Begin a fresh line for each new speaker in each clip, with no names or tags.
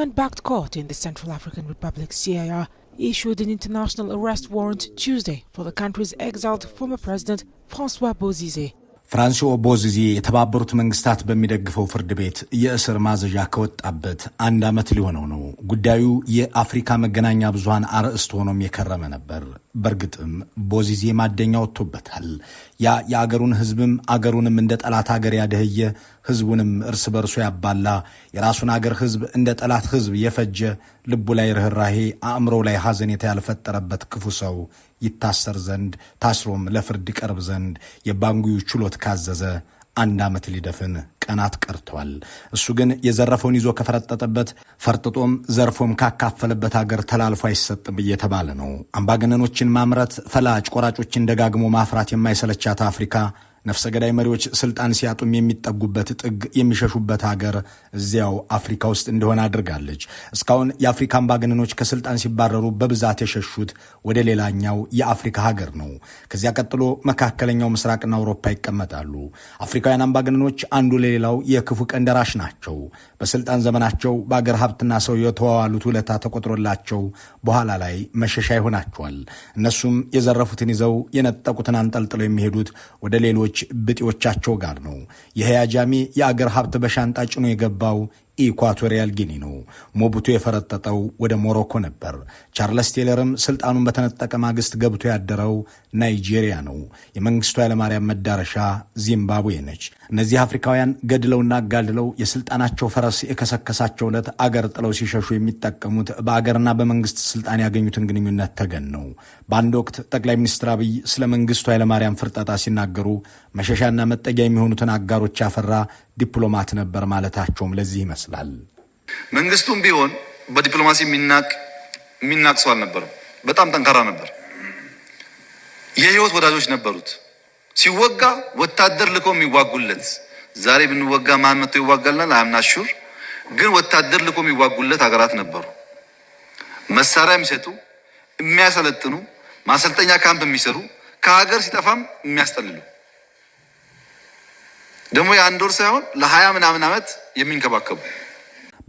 Taiwan-backed court in the Central African Republic, CIR, issued an international arrest warrant Tuesday for the country's exiled former president Francois Bozize.
ፍራንሲዎ ቦዚዜ የተባበሩት መንግስታት በሚደግፈው ፍርድ ቤት የእስር ማዘዣ ከወጣበት አንድ ዓመት ሊሆነው ነው። ጉዳዩ የአፍሪካ መገናኛ ብዙሃን አርዕስት ሆኖም የከረመ ነበር። በእርግጥም ቦዚዜ ማደኛ ወጥቶበታል። ያ የአገሩን ሕዝብም አገሩንም እንደ ጠላት አገር ያደህየ ህዝቡንም እርስ በርሱ ያባላ የራሱን አገር ህዝብ እንደ ጠላት ህዝብ የፈጀ ልቡ ላይ ርኅራሄ አእምሮ ላይ ሐዘኔታ ያልፈጠረበት ክፉ ሰው ይታሰር ዘንድ ታስሮም ለፍርድ ቀርብ ዘንድ የባንጉዩ ችሎት ካዘዘ አንድ ዓመት ሊደፍን ቀናት ቀርቷል። እሱ ግን የዘረፈውን ይዞ ከፈረጠጠበት ፈርጥጦም ዘርፎም ካካፈለበት አገር ተላልፎ አይሰጥም እየተባለ ነው። አምባገነኖችን ማምረት ፈላጭ ቆራጮችን ደጋግሞ ማፍራት የማይሰለቻት አፍሪካ ነፍሰ ገዳይ መሪዎች ስልጣን ሲያጡም የሚጠጉበት ጥግ የሚሸሹበት ሀገር እዚያው አፍሪካ ውስጥ እንደሆነ አድርጋለች። እስካሁን የአፍሪካ አምባገነኖች ከስልጣን ሲባረሩ በብዛት የሸሹት ወደ ሌላኛው የአፍሪካ ሀገር ነው። ከዚያ ቀጥሎ መካከለኛው ምስራቅና አውሮፓ ይቀመጣሉ። አፍሪካውያን አምባገነኖች አንዱ ለሌላው የክፉ ቀን ደራሽ ናቸው። በስልጣን ዘመናቸው በአገር ሀብትና ሰው የተዋዋሉት ውለታ ተቆጥሮላቸው በኋላ ላይ መሸሻ ይሆናቸዋል። እነሱም የዘረፉትን ይዘው የነጠቁትን አንጠልጥለው የሚሄዱት ወደ ሌሎች ብጤዎች ብጤዎቻቸው ጋር ነው። የህያ የአገር ሀብት በሻንጣ ጭኖ የገባው ኢኳቶሪያል ጊኒ ነው። ሞቡቱ የፈረጠጠው ወደ ሞሮኮ ነበር። ቻርለስ ቴለርም ስልጣኑን በተነጠቀ ማግስት ገብቶ ያደረው ናይጄሪያ ነው። የመንግስቱ ኃይለማርያም መዳረሻ ዚምባብዌ ነች። እነዚህ አፍሪካውያን ገድለውና አጋድለው የስልጣናቸው ፈረስ የከሰከሳቸው ዕለት አገር ጥለው ሲሸሹ የሚጠቀሙት በአገርና በመንግስት ስልጣን ያገኙትን ግንኙነት ተገን ነው። በአንድ ወቅት ጠቅላይ ሚኒስትር አብይ ስለ መንግስቱ ኃይለማርያም ፍርጠጣ ሲናገሩ መሸሻና መጠጊያ የሚሆኑትን አጋሮች ያፈራ ዲፕሎማት ነበር ማለታቸውም ለዚህ ይመስላል። ይመስላል።
መንግስቱም ቢሆን በዲፕሎማሲ የሚናቅ የሚናቅ ሰው አልነበረም። በጣም ጠንካራ ነበር። የህይወት ወዳጆች ነበሩት። ሲወጋ ወታደር ልኮ የሚዋጉለት ዛሬ ብንወጋ ማን መጥቶ ይዋጋልናል? አምና ሹር ግን ወታደር ልኮ የሚዋጉለት ሀገራት ነበሩ። መሳሪያ የሚሰጡ የሚያሰለጥኑ፣ ማሰልጠኛ ካምፕ የሚሰሩ ከሀገር ሲጠፋም የሚያስጠልሉ ደግሞ የአንድ ወር ሳይሆን ለሀያ ምናምን ዓመት የሚንከባከቡ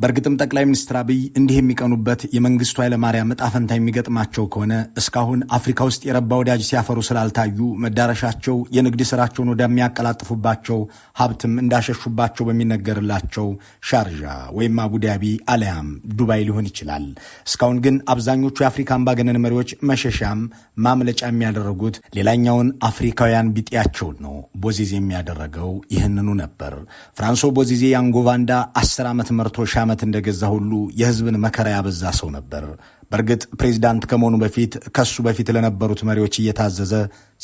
በእርግጥም ጠቅላይ ሚኒስትር አብይ እንዲህ የሚቀኑበት የመንግስቱ ኃይለማርያም እጣ ፈንታ የሚገጥማቸው ከሆነ እስካሁን አፍሪካ ውስጥ የረባ ወዳጅ ሲያፈሩ ስላልታዩ መዳረሻቸው የንግድ ስራቸውን ወደሚያቀላጥፉባቸው ሀብትም እንዳሸሹባቸው በሚነገርላቸው ሻርዣ ወይም አቡዳቢ አሊያም ዱባይ ሊሆን ይችላል። እስካሁን ግን አብዛኞቹ የአፍሪካ አምባገነን መሪዎች መሸሻም ማምለጫ የሚያደረጉት ሌላኛውን አፍሪካውያን ቢጤያቸውን ነው። ቦዚዜ የሚያደረገው ይህንኑ ነበር። ፍራንሶ ቦዚዜ የአንጎቫንዳ አስር ዓመት መርቶ ዓመት እንደገዛ ሁሉ የህዝብን መከራ ያበዛ ሰው ነበር። በእርግጥ ፕሬዚዳንት ከመሆኑ በፊት ከሱ በፊት ለነበሩት መሪዎች እየታዘዘ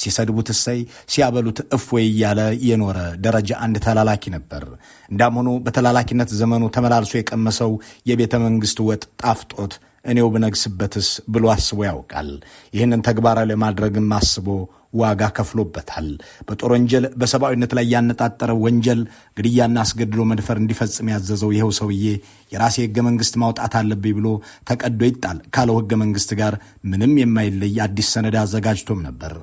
ሲሰድቡት እሰይ፣ ሲያበሉት እፎይ እያለ የኖረ ደረጃ አንድ ተላላኪ ነበር። እንዳም ሆኖ በተላላኪነት ዘመኑ ተመላልሶ የቀመሰው የቤተ መንግስት ወጥ ጣፍጦት እኔው ብነግስበትስ ብሎ አስቦ ያውቃል። ይህንን ተግባራዊ ለማድረግም አስቦ ዋጋ ከፍሎበታል። በጦር ወንጀል፣ በሰብአዊነት ላይ ያነጣጠረ ወንጀል፣ ግድያና አስገድዶ መድፈር እንዲፈጽም ያዘዘው ይኸው ሰውዬ የራሴ ህገ መንግስት ማውጣት አለብኝ ብሎ ተቀዶ ይጣል ካለው ህገ መንግስት ጋር ምንም የማይለይ አዲስ ሰነድ አዘጋጅቶም ነበር።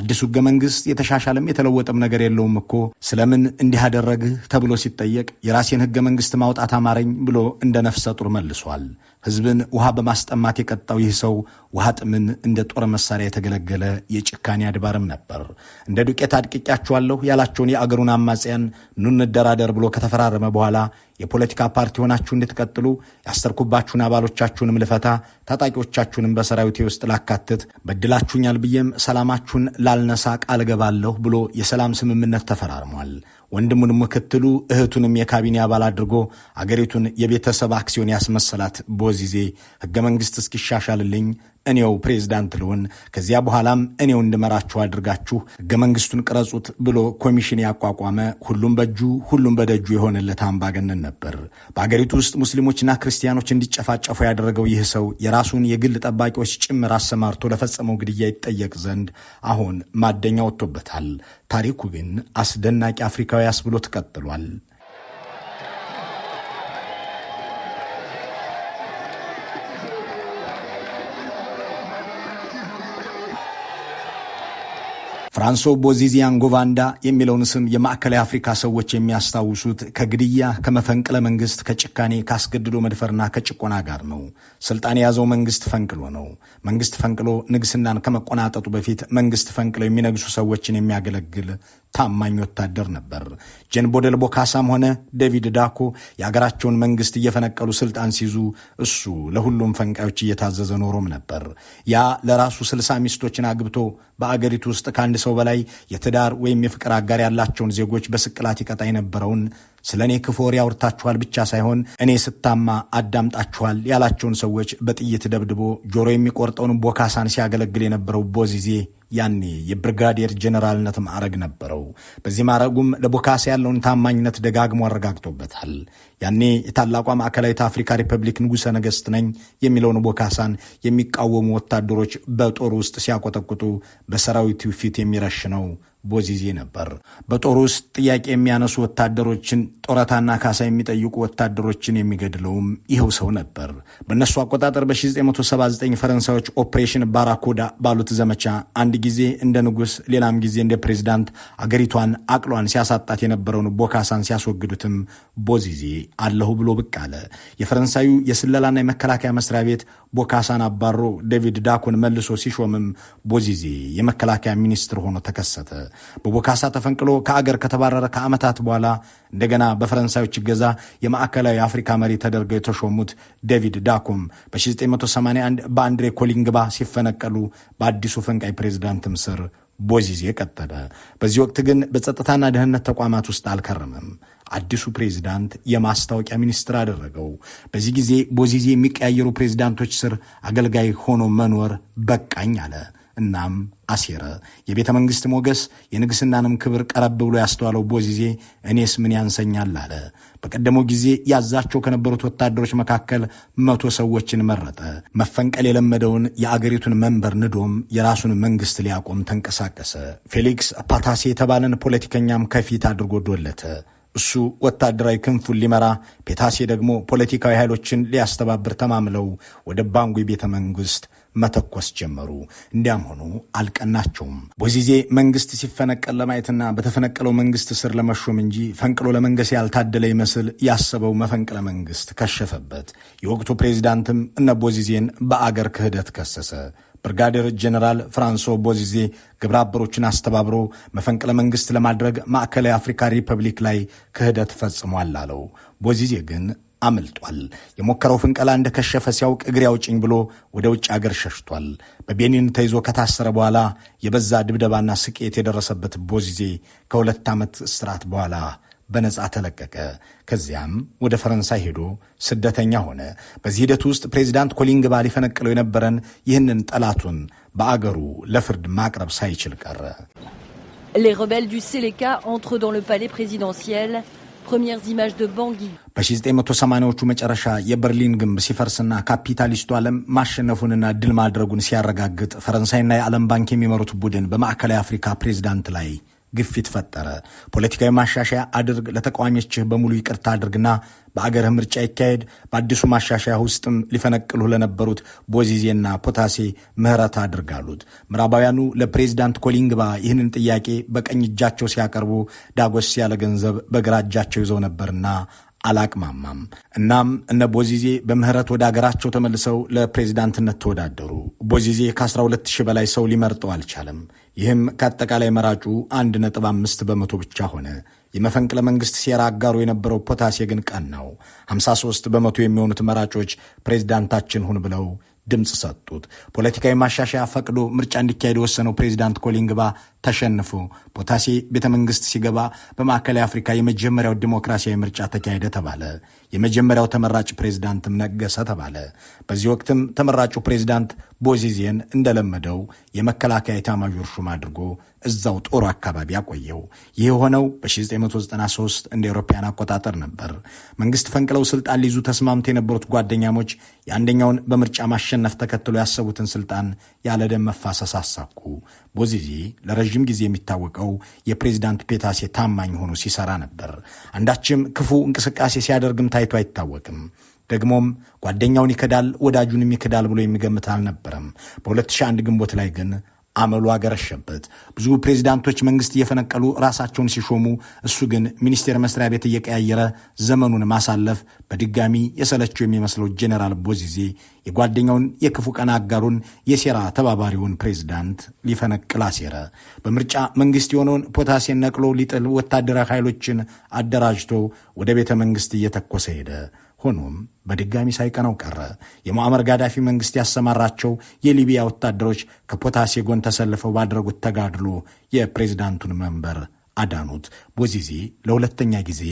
አዲሱ ህገ መንግስት የተሻሻለም የተለወጠም ነገር የለውም እኮ ስለምን እንዲህ አደረግህ ተብሎ ሲጠየቅ የራሴን ህገ መንግስት ማውጣት አማረኝ ብሎ እንደ ነፍሰ ጡር መልሷል። ህዝብን ውሃ በማስጠማት የቀጣው ይህ ሰው ውሃ ጥምን እንደ ጦር መሳሪያ የተገለገለ የጭካኔ አድባርም ነበር። እንደ ዱቄት አድቅቄያችኋለሁ ያላቸውን የአገሩን አማጽያን ኑንደራደር ብሎ ከተፈራረመ በኋላ የፖለቲካ ፓርቲ ሆናችሁ እንድትቀጥሉ ያሰርኩባችሁን አባሎቻችሁንም ልፈታ፣ ታጣቂዎቻችሁንም በሰራዊቴ ውስጥ ላካትት፣ በድላችሁኛል ብዬም ሰላማችሁን ላልነሳ ቃል እገባለሁ ብሎ የሰላም ስምምነት ተፈራርሟል። ወንድሙን ምክትሉ እህቱንም የካቢኔ አባል አድርጎ አገሪቱን የቤተሰብ አክሲዮን ያስመሰላት ቦዚዜ ህገ መንግስት እስኪሻሻልልኝ እኔው ፕሬዝዳንት ልሁን፣ ከዚያ በኋላም እኔው እንድመራችሁ አድርጋችሁ ህገ መንግስቱን ቅረጹት ብሎ ኮሚሽን ያቋቋመ ሁሉም በእጁ ሁሉም በደጁ የሆነለት አምባገነን ነበር። በአገሪቱ ውስጥ ሙስሊሞችና ክርስቲያኖች እንዲጨፋጨፉ ያደረገው ይህ ሰው የራሱን የግል ጠባቂዎች ጭምር አሰማርቶ ለፈጸመው ግድያ ይጠየቅ ዘንድ አሁን ማደኛ ወጥቶበታል። ታሪኩ ግን አስደናቂ አፍሪካዊ አስብሎት ቀጥሏል። ፍራንሶ ቦዚዚያን ጎቫንዳ የሚለውን ስም የማዕከላዊ አፍሪካ ሰዎች የሚያስታውሱት ከግድያ፣ ከመፈንቅለ መንግስት፣ ከጭካኔ፣ ካስገድዶ መድፈርና ከጭቆና ጋር ነው። ስልጣን የያዘው መንግስት ፈንቅሎ ነው። መንግስት ፈንቅሎ ንግስናን ከመቆናጠጡ በፊት መንግስት ፈንቅሎ የሚነግሱ ሰዎችን የሚያገለግል ታማኝ ወታደር ነበር። ጀን ቦደል ቦካሳም ሆነ ዴቪድ ዳኮ የአገራቸውን መንግስት እየፈነቀሉ ስልጣን ሲይዙ እሱ ለሁሉም ፈንቃዮች እየታዘዘ ኖሮም ነበር። ያ ለራሱ ስልሳ ሚስቶችን አግብቶ በአገሪቱ ውስጥ ከአንድ ሰው በላይ የትዳር ወይም የፍቅር አጋር ያላቸውን ዜጎች በስቅላት ይቀጣ የነበረውን ስለ እኔ ክፉ ወሬ ብቻ ሳይሆን እኔ ስታማ አዳምጣችኋል ያላቸውን ሰዎች በጥይት ደብድቦ ጆሮ የሚቆርጠውን ቦካሳን ሲያገለግል የነበረው ቦዚዜ ያኔ የብርጋዴር ጀኔራልነት ማዕረግ ነበረው። በዚህ ማዕረጉም ለቦካሳ ያለውን ታማኝነት ደጋግሞ አረጋግጦበታል። ያኔ የታላቋ ማዕከላዊት አፍሪካ ሪፐብሊክ ንጉሠ ነገሥት ነኝ የሚለውን ቦካሳን የሚቃወሙ ወታደሮች በጦር ውስጥ ሲያቆጠቁጡ በሰራዊቱ ፊት የሚረሽ ነው ቦዚዜ ነበር። በጦር ውስጥ ጥያቄ የሚያነሱ ወታደሮችን ጡረታና ካሳ የሚጠይቁ ወታደሮችን የሚገድለውም ይኸው ሰው ነበር። በእነሱ አቆጣጠር በ1979 ፈረንሳዮች ኦፕሬሽን ባራኮዳ ባሉት ዘመቻ አንድ ጊዜ እንደ ንጉሥ ሌላም ጊዜ እንደ ፕሬዚዳንት አገሪቷን አቅሏን ሲያሳጣት የነበረውን ቦካሳን ሲያስወግዱትም ቦዚዜ አለሁ ብሎ ብቅ አለ። የፈረንሳዩ የስለላና የመከላከያ መስሪያ ቤት ቦካሳን አባሮ ዴቪድ ዳኩን መልሶ ሲሾምም ቦዚዚ የመከላከያ ሚኒስትር ሆኖ ተከሰተ። በቦካሳ ተፈንቅሎ ከአገር ከተባረረ ከዓመታት በኋላ እንደገና በፈረንሳዮች እገዛ የማዕከላዊ አፍሪካ መሪ ተደርገው የተሾሙት ዴቪድ ዳኩም በ1981 በአንድሬ ኮሊንግባ ሲፈነቀሉ በአዲሱ ፈንቃይ ፕሬዚዳንትም ስር ቦዚዜ ቀጠለ። በዚህ ወቅት ግን በጸጥታና ደህንነት ተቋማት ውስጥ አልከረምም። አዲሱ ፕሬዚዳንት የማስታወቂያ ሚኒስትር አደረገው። በዚህ ጊዜ ቦዚዜ የሚቀያየሩ ፕሬዚዳንቶች ስር አገልጋይ ሆኖ መኖር በቃኝ አለ። እናም አሴረ። የቤተ መንግሥት ሞገስ የንግሥናንም ክብር ቀረብ ብሎ ያስተዋለው ቦዚዜ እኔስ ምን ያንሰኛል አለ። በቀደመው ጊዜ ያዛቸው ከነበሩት ወታደሮች መካከል መቶ ሰዎችን መረጠ። መፈንቀል የለመደውን የአገሪቱን መንበር ንዶም የራሱን መንግሥት ሊያቆም ተንቀሳቀሰ። ፌሊክስ ፓታሴ የተባለን ፖለቲከኛም ከፊት አድርጎ ዶለተ። እሱ ወታደራዊ ክንፉን ሊመራ፣ ፔታሴ ደግሞ ፖለቲካዊ ኃይሎችን ሊያስተባብር ተማምለው ወደ ባንጉ ቤተ መንግሥት መተኮስ ጀመሩ። እንዲያም ሆኖ አልቀናቸውም። ቦዚዜ መንግስት ሲፈነቀል ለማየትና በተፈነቀለው መንግስት ስር ለመሾም እንጂ ፈንቅሎ ለመንገስ ያልታደለ ይመስል ያሰበው መፈንቅለ መንግስት ከሸፈበት። የወቅቱ ፕሬዚዳንትም እነ ቦዚዜን በአገር ክህደት ከሰሰ። ብርጋዴር ጀነራል ፍራንሶ ቦዚዜ ግብረ አበሮችን አስተባብሮ መፈንቅለ መንግስት ለማድረግ ማዕከላዊ አፍሪካ ሪፐብሊክ ላይ ክህደት ፈጽሟል አለው። ቦዚዜ ግን አመልጧል። የሞከረው ፍንቀላ እንደከሸፈ ሲያውቅ እግሬ አውጭኝ ብሎ ወደ ውጭ አገር ሸሽቷል። በቤኒን ተይዞ ከታሰረ በኋላ የበዛ ድብደባና ስቅየት የደረሰበት ቦዚዜ ከሁለት ዓመት እስራት በኋላ በነጻ ተለቀቀ። ከዚያም ወደ ፈረንሳይ ሄዶ ስደተኛ ሆነ። በዚህ ሂደት ውስጥ ፕሬዚዳንት ኮሊንግባ ሊፈነቅለው የነበረን ይህንን ጠላቱን በአገሩ ለፍርድ ማቅረብ ሳይችል ቀረ።
Les rebelles du Seleka entrent dans le palais présidentiel. premières images de Bangui
በ1980ዎቹ መጨረሻ የበርሊን ግንብ ሲፈርስና ካፒታሊስቱ ዓለም ማሸነፉንና ድል ማድረጉን ሲያረጋግጥ ፈረንሳይና የዓለም ባንክ የሚመሩት ቡድን በማዕከላዊ አፍሪካ ፕሬዚዳንት ላይ ግፊት ፈጠረ። ፖለቲካዊ ማሻሻያ አድርግ፣ ለተቃዋሚዎችህ በሙሉ ይቅርታ አድርግና በአገርህ ምርጫ ይካሄድ፣ በአዲሱ ማሻሻያ ውስጥም ሊፈነቅሉህ ለነበሩት ቦዚዜና ፖታሴ ምህረት አድርግ አሉት። ምዕራባውያኑ ለፕሬዚዳንት ኮሊንግባ ይህንን ጥያቄ በቀኝ እጃቸው ሲያቀርቡ ዳጎስ ያለ ገንዘብ በግራ እጃቸው ይዘው ነበርና አላቅማማም። እናም እነ ቦዚዜ በምህረት ወደ አገራቸው ተመልሰው ለፕሬዚዳንትነት ተወዳደሩ። ቦዚዜ ከ12 ሺህ በላይ ሰው ሊመርጠው አልቻለም። ይህም ከአጠቃላይ መራጩ 1.5 በመቶ ብቻ ሆነ። የመፈንቅለ መንግስት ሴራ አጋሩ የነበረው ፖታሴ ግን ነው። 53 በመቶ የሚሆኑት መራጮች ፕሬዚዳንታችን ሁን ብለው ድምፅ ሰጡት። ፖለቲካዊ ማሻሻያ ፈቅዶ ምርጫ እንዲካሄድ የወሰነው ፕሬዚዳንት ኮሊንግባ ተሸንፎ ፖታሴ ቤተ መንግስት ሲገባ በማዕከላዊ አፍሪካ የመጀመሪያው ዲሞክራሲያዊ ምርጫ ተካሄደ ተባለ። የመጀመሪያው ተመራጭ ፕሬዝዳንትም ነገሰ ተባለ። በዚህ ወቅትም ተመራጩ ፕሬዝዳንት ቦዚዜን እንደለመደው የመከላከያ ኤታማዦር ሹም አድርጎ እዛው ጦሩ አካባቢ አቆየው። ይህ የሆነው በ1993 እንደ አውሮፓውያን አቆጣጠር ነበር። መንግስት ፈንቅለው ስልጣን ሊይዙ ተስማምተው የነበሩት ጓደኛሞች የአንደኛውን በምርጫ ማሸነፍ ተከትሎ ያሰቡትን ስልጣን ያለደም መፋሰስ አሳኩ። ቦዚዜ ለረዥም ጊዜ የሚታወቀው የፕሬዝዳንት ፔታሴ ታማኝ ሆኖ ሲሰራ ነበር። አንዳችም ክፉ እንቅስቃሴ ሲያደርግም ታይ ታይቶ አይታወቅም። ደግሞም ጓደኛውን ይከዳል፣ ወዳጁንም ይከዳል ብሎ የሚገምት አልነበረም። በ2001 ግንቦት ላይ ግን አመሉ አገረሸበት። ብዙ ፕሬዚዳንቶች መንግስት እየፈነቀሉ ራሳቸውን ሲሾሙ፣ እሱ ግን ሚኒስቴር መስሪያ ቤት እየቀያየረ ዘመኑን ማሳለፍ በድጋሚ የሰለቸው የሚመስለው ጄኔራል ቦዚዜ የጓደኛውን የክፉ ቀን አጋሩን የሴራ ተባባሪውን ፕሬዚዳንት ሊፈነቅል አሴረ። በምርጫ መንግስት የሆነውን ፖታሴን ነቅሎ ሊጥል ወታደራዊ ኃይሎችን አደራጅቶ ወደ ቤተ መንግስት እየተኮሰ ሄደ። ሆኖም በድጋሚ ሳይቀነው ቀረ። የሙአመር ጋዳፊ መንግስት ያሰማራቸው የሊቢያ ወታደሮች ከፖታሴ ጎን ተሰልፈው ባደረጉት ተጋድሎ የፕሬዚዳንቱን መንበር አዳኑት። ቦዚዚ ለሁለተኛ ጊዜ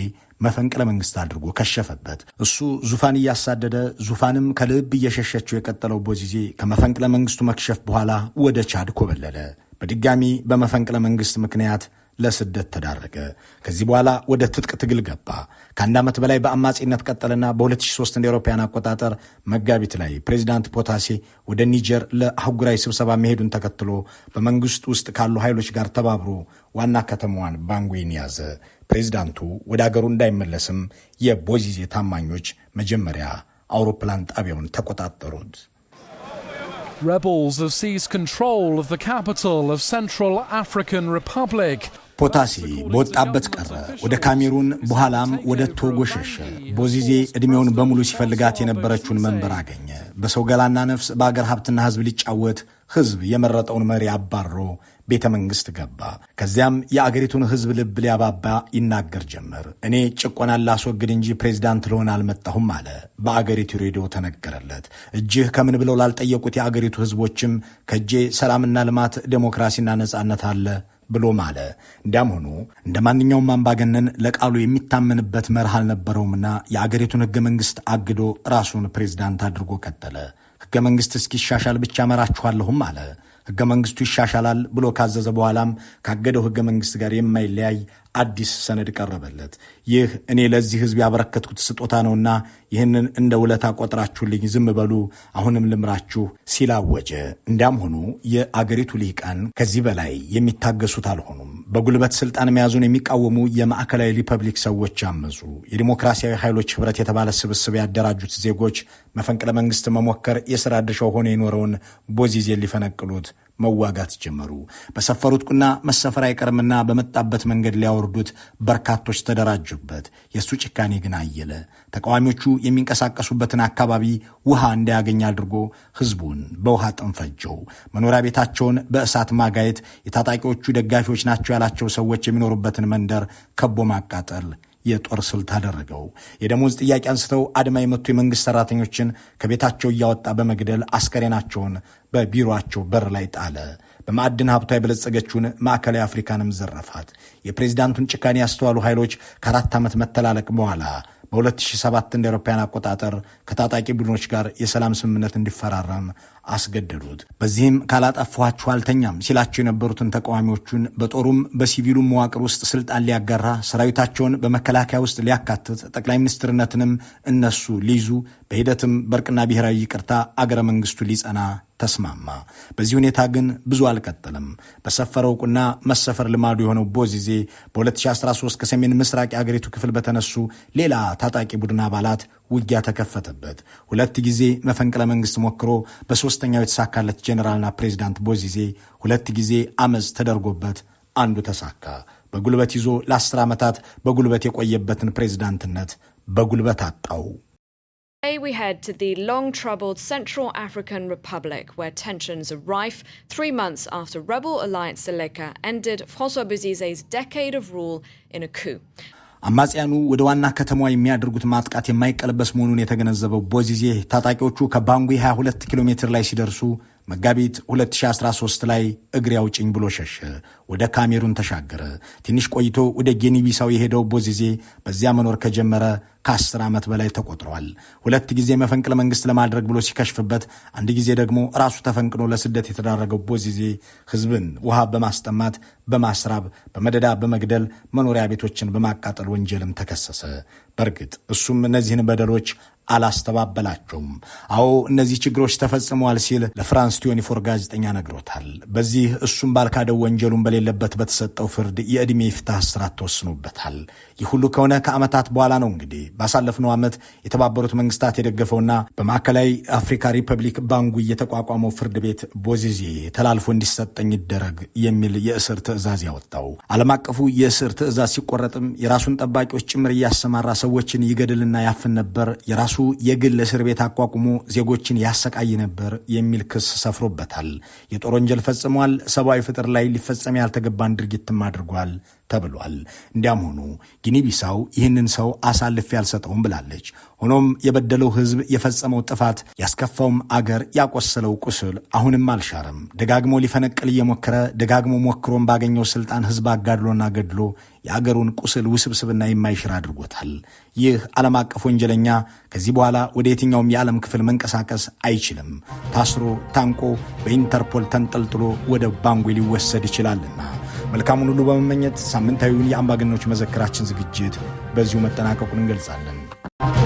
መፈንቅለ መንግስት አድርጎ ከሸፈበት። እሱ ዙፋን እያሳደደ ዙፋንም ከልብ እየሸሸችው የቀጠለው ቦዚዜ ከመፈንቅለ መንግስቱ መክሸፍ በኋላ ወደ ቻድ ኮበለለ። በድጋሚ በመፈንቅለ መንግስት ምክንያት ለስደት ተዳረገ። ከዚህ በኋላ ወደ ትጥቅ ትግል ገባ። ከአንድ ዓመት በላይ በአማጺነት ቀጠልና በ2003 እንደ አውሮፓውያን አቆጣጠር መጋቢት ላይ ፕሬዚዳንት ፖታሴ ወደ ኒጀር ለአህጉራዊ ስብሰባ መሄዱን ተከትሎ በመንግስት ውስጥ ካሉ ኃይሎች ጋር ተባብሮ ዋና ከተማዋን ባንጉን ያዘ። ፕሬዚዳንቱ ወደ አገሩ እንዳይመለስም የቦዚዜ ታማኞች መጀመሪያ አውሮፕላን ጣቢያውን ተቆጣጠሩት።
Rebels have seized control of the capital of Central African Republic.
ፖታሲ በወጣበት ቀረ፣ ወደ ካሜሩን በኋላም ወደ ቶጎ ሸሸ። ቦዚዜ ዕድሜውን በሙሉ ሲፈልጋት የነበረችውን መንበር አገኘ። በሰው ገላና ነፍስ በአገር ሀብትና ሕዝብ ሊጫወት ሕዝብ የመረጠውን መሪ አባሮ ቤተ መንግሥት ገባ። ከዚያም የአገሪቱን ሕዝብ ልብ ሊያባባ ይናገር ጀመር። እኔ ጭቆናን ላስወግድ እንጂ ፕሬዚዳንት ልሆን አልመጣሁም አለ። በአገሪቱ ሬዲዮ ተነገረለት። እጅህ ከምን ብለው ላልጠየቁት የአገሪቱ ሕዝቦችም ከእጄ ሰላምና ልማት ዴሞክራሲና ነጻነት አለ ብሎ ማለ። እንዲያም ሆኖ እንደ ማንኛውም አምባገነን ለቃሉ የሚታመንበት መርህ አልነበረውምና የአገሪቱን ህገ መንግስት አግዶ ራሱን ፕሬዚዳንት አድርጎ ቀጠለ። ህገ መንግስት እስኪሻሻል ብቻ መራችኋለሁም አለ። ህገ መንግስቱ ይሻሻላል ብሎ ካዘዘ በኋላም ካገደው ህገ መንግስት ጋር የማይለያይ አዲስ ሰነድ ቀረበለት። ይህ እኔ ለዚህ ህዝብ ያበረከትኩት ስጦታ ነውና ይህንን እንደ ውለታ ቆጥራችሁልኝ ዝም በሉ፣ አሁንም ልምራችሁ ሲላወጀ፣ እንዲያም ሆኑ የአገሪቱ ሊቃን ከዚህ በላይ የሚታገሱት አልሆኑም። በጉልበት ስልጣን መያዙን የሚቃወሙ የማዕከላዊ ሪፐብሊክ ሰዎች አመፁ። የዲሞክራሲያዊ ኃይሎች ህብረት የተባለ ስብስብ ያደራጁት ዜጎች መፈንቅለ መንግስት መሞከር የሥራ ድርሻው ሆኖ የኖረውን ቦዚዜ ሊፈነቅሉት መዋጋት ጀመሩ። በሰፈሩት ቁና መሰፈር አይቀርምና በመጣበት መንገድ ሊያወሩ የሚያወርዱት በርካቶች ተደራጁበት። የእሱ ጭካኔ ግን አየለ። ተቃዋሚዎቹ የሚንቀሳቀሱበትን አካባቢ ውሃ እንዳያገኝ አድርጎ ህዝቡን በውሃ ጥንፈጀው መኖሪያ ቤታቸውን በእሳት ማጋየት፣ የታጣቂዎቹ ደጋፊዎች ናቸው ያላቸው ሰዎች የሚኖሩበትን መንደር ከቦ ማቃጠል የጦር ስልት አደረገው። የደሞዝ ጥያቄ አንስተው አድማ የመቱ የመንግስት ሰራተኞችን ከቤታቸው እያወጣ በመግደል አስከሬናቸውን በቢሮአቸው በር ላይ ጣለ። በማዕድን ሀብቷ የበለጸገችውን ማዕከላዊ አፍሪካንም ዘረፋት። የፕሬዚዳንቱን ጭካኔ ያስተዋሉ ኃይሎች ከአራት ዓመት መተላለቅ በኋላ በ2007 እንደ አውሮፓውያን አቆጣጠር ከታጣቂ ቡድኖች ጋር የሰላም ስምምነት እንዲፈራረም አስገደዱት። በዚህም ካላጠፋኋችሁ አልተኛም ሲላቸው የነበሩትን ተቃዋሚዎቹን በጦሩም በሲቪሉም መዋቅር ውስጥ ስልጣን ሊያጋራ ሰራዊታቸውን በመከላከያ ውስጥ ሊያካትት ጠቅላይ ሚኒስትርነትንም እነሱ ሊይዙ በሂደትም በእርቅና ብሔራዊ ይቅርታ አገረ መንግስቱ ሊጸና ተስማማ። በዚህ ሁኔታ ግን ብዙ አልቀጠለም። በሰፈረ ዕውቅና መሰፈር ልማዱ የሆነው ቦዚዜ በ2013 ከሰሜን ምስራቅ የአገሪቱ ክፍል በተነሱ ሌላ ታጣቂ ቡድን አባላት ውጊያ ተከፈተበት። ሁለት ጊዜ መፈንቅለ መንግስት ሞክሮ በሦስተኛው የተሳካለት ጄኔራልና ፕሬዚዳንት ቦዚዜ ሁለት ጊዜ አመፅ ተደርጎበት አንዱ ተሳካ። በጉልበት ይዞ ለአስር ዓመታት በጉልበት የቆየበትን ፕሬዚዳንትነት በጉልበት አጣው።
Today we head to the long troubled Central African Republic, where tensions are rife three months after rebel alliance Seleka ended Francois Bozize's decade of rule in a coup.
አማጽያኑ ወደ ዋና ከተማዋ የሚያደርጉት ማጥቃት የማይቀለበስ መሆኑን የተገነዘበው ቦዚዜ ታጣቂዎቹ ከባንጉ 22 ኪሎ ሜትር ላይ ሲደርሱ መጋቢት 2013 ላይ እግሬ አውጭኝ ብሎ ሸሸ። ወደ ካሜሩን ተሻገረ። ትንሽ ቆይቶ ወደ ጌኒቢሳው የሄደው ቦዚዜ በዚያ መኖር ከጀመረ ከአስር ዓመት በላይ ተቆጥረዋል። ሁለት ጊዜ መፈንቅለ መንግስት ለማድረግ ብሎ ሲከሽፍበት፣ አንድ ጊዜ ደግሞ ራሱ ተፈንቅኖ ለስደት የተዳረገው ቦዚዜ ሕዝብን ውሃ በማስጠማት በማስራብ፣ በመደዳ በመግደል፣ መኖሪያ ቤቶችን በማቃጠል ወንጀልም ተከሰሰ። በእርግጥ እሱም እነዚህን በደሎች አላስተባበላቸውም። አዎ እነዚህ ችግሮች ተፈጽመዋል ሲል ለፍራንስ ቲዮኒፎር ጋዜጠኛ ነግሮታል። በዚህ እሱም ባልካደው ወንጀሉን በሌለበት በተሰጠው ፍርድ የዕድሜ ይፍታህ እስራት ተወስኖበታል። ይህ ሁሉ ከሆነ ከዓመታት በኋላ ነው እንግዲህ ባሳለፍነው ዓመት የተባበሩት መንግስታት የደገፈውና በማዕከላዊ አፍሪካ ሪፐብሊክ ባንጉ የተቋቋመው ፍርድ ቤት ቦዚዜ ተላልፎ እንዲሰጠኝ ይደረግ የሚል የእስር ትዕዛዝ ያወጣው። ዓለም አቀፉ የእስር ትዕዛዝ ሲቆረጥም የራሱን ጠባቂዎች ጭምር እያሰማራ ሰዎችን ይገድልና ያፍን ነበር የራሱ ራሱ የግል እስር ቤት አቋቁሞ ዜጎችን ያሰቃይ ነበር የሚል ክስ ሰፍሮበታል። የጦር ወንጀል ፈጽሟል። ሰብአዊ ፍጥር ላይ ሊፈጸም ያልተገባን ድርጊትም አድርጓል ተብሏል። እንዲያም ሆኖ ጊኒቢሳው ይህንን ሰው አሳልፌ አልሰጠውም ብላለች። ሆኖም የበደለው ሕዝብ የፈጸመው ጥፋት ያስከፋውም አገር ያቆሰለው ቁስል አሁንም አልሻረም። ደጋግሞ ሊፈነቅል እየሞከረ ደጋግሞ ሞክሮን ባገኘው ስልጣን ሕዝብ አጋድሎና ገድሎ የአገሩን ቁስል ውስብስብና የማይሽር አድርጎታል። ይህ ዓለም አቀፍ ወንጀለኛ ከዚህ በኋላ ወደ የትኛውም የዓለም ክፍል መንቀሳቀስ አይችልም። ታስሮ ታንቆ በኢንተርፖል ተንጠልጥሎ ወደ ባንጉ ሊወሰድ ይችላልና። መልካሙን ሁሉ በመመኘት ሳምንታዊውን የአምባገነኖች መዘክራችን ዝግጅት በዚሁ መጠናቀቁን እንገልጻለን።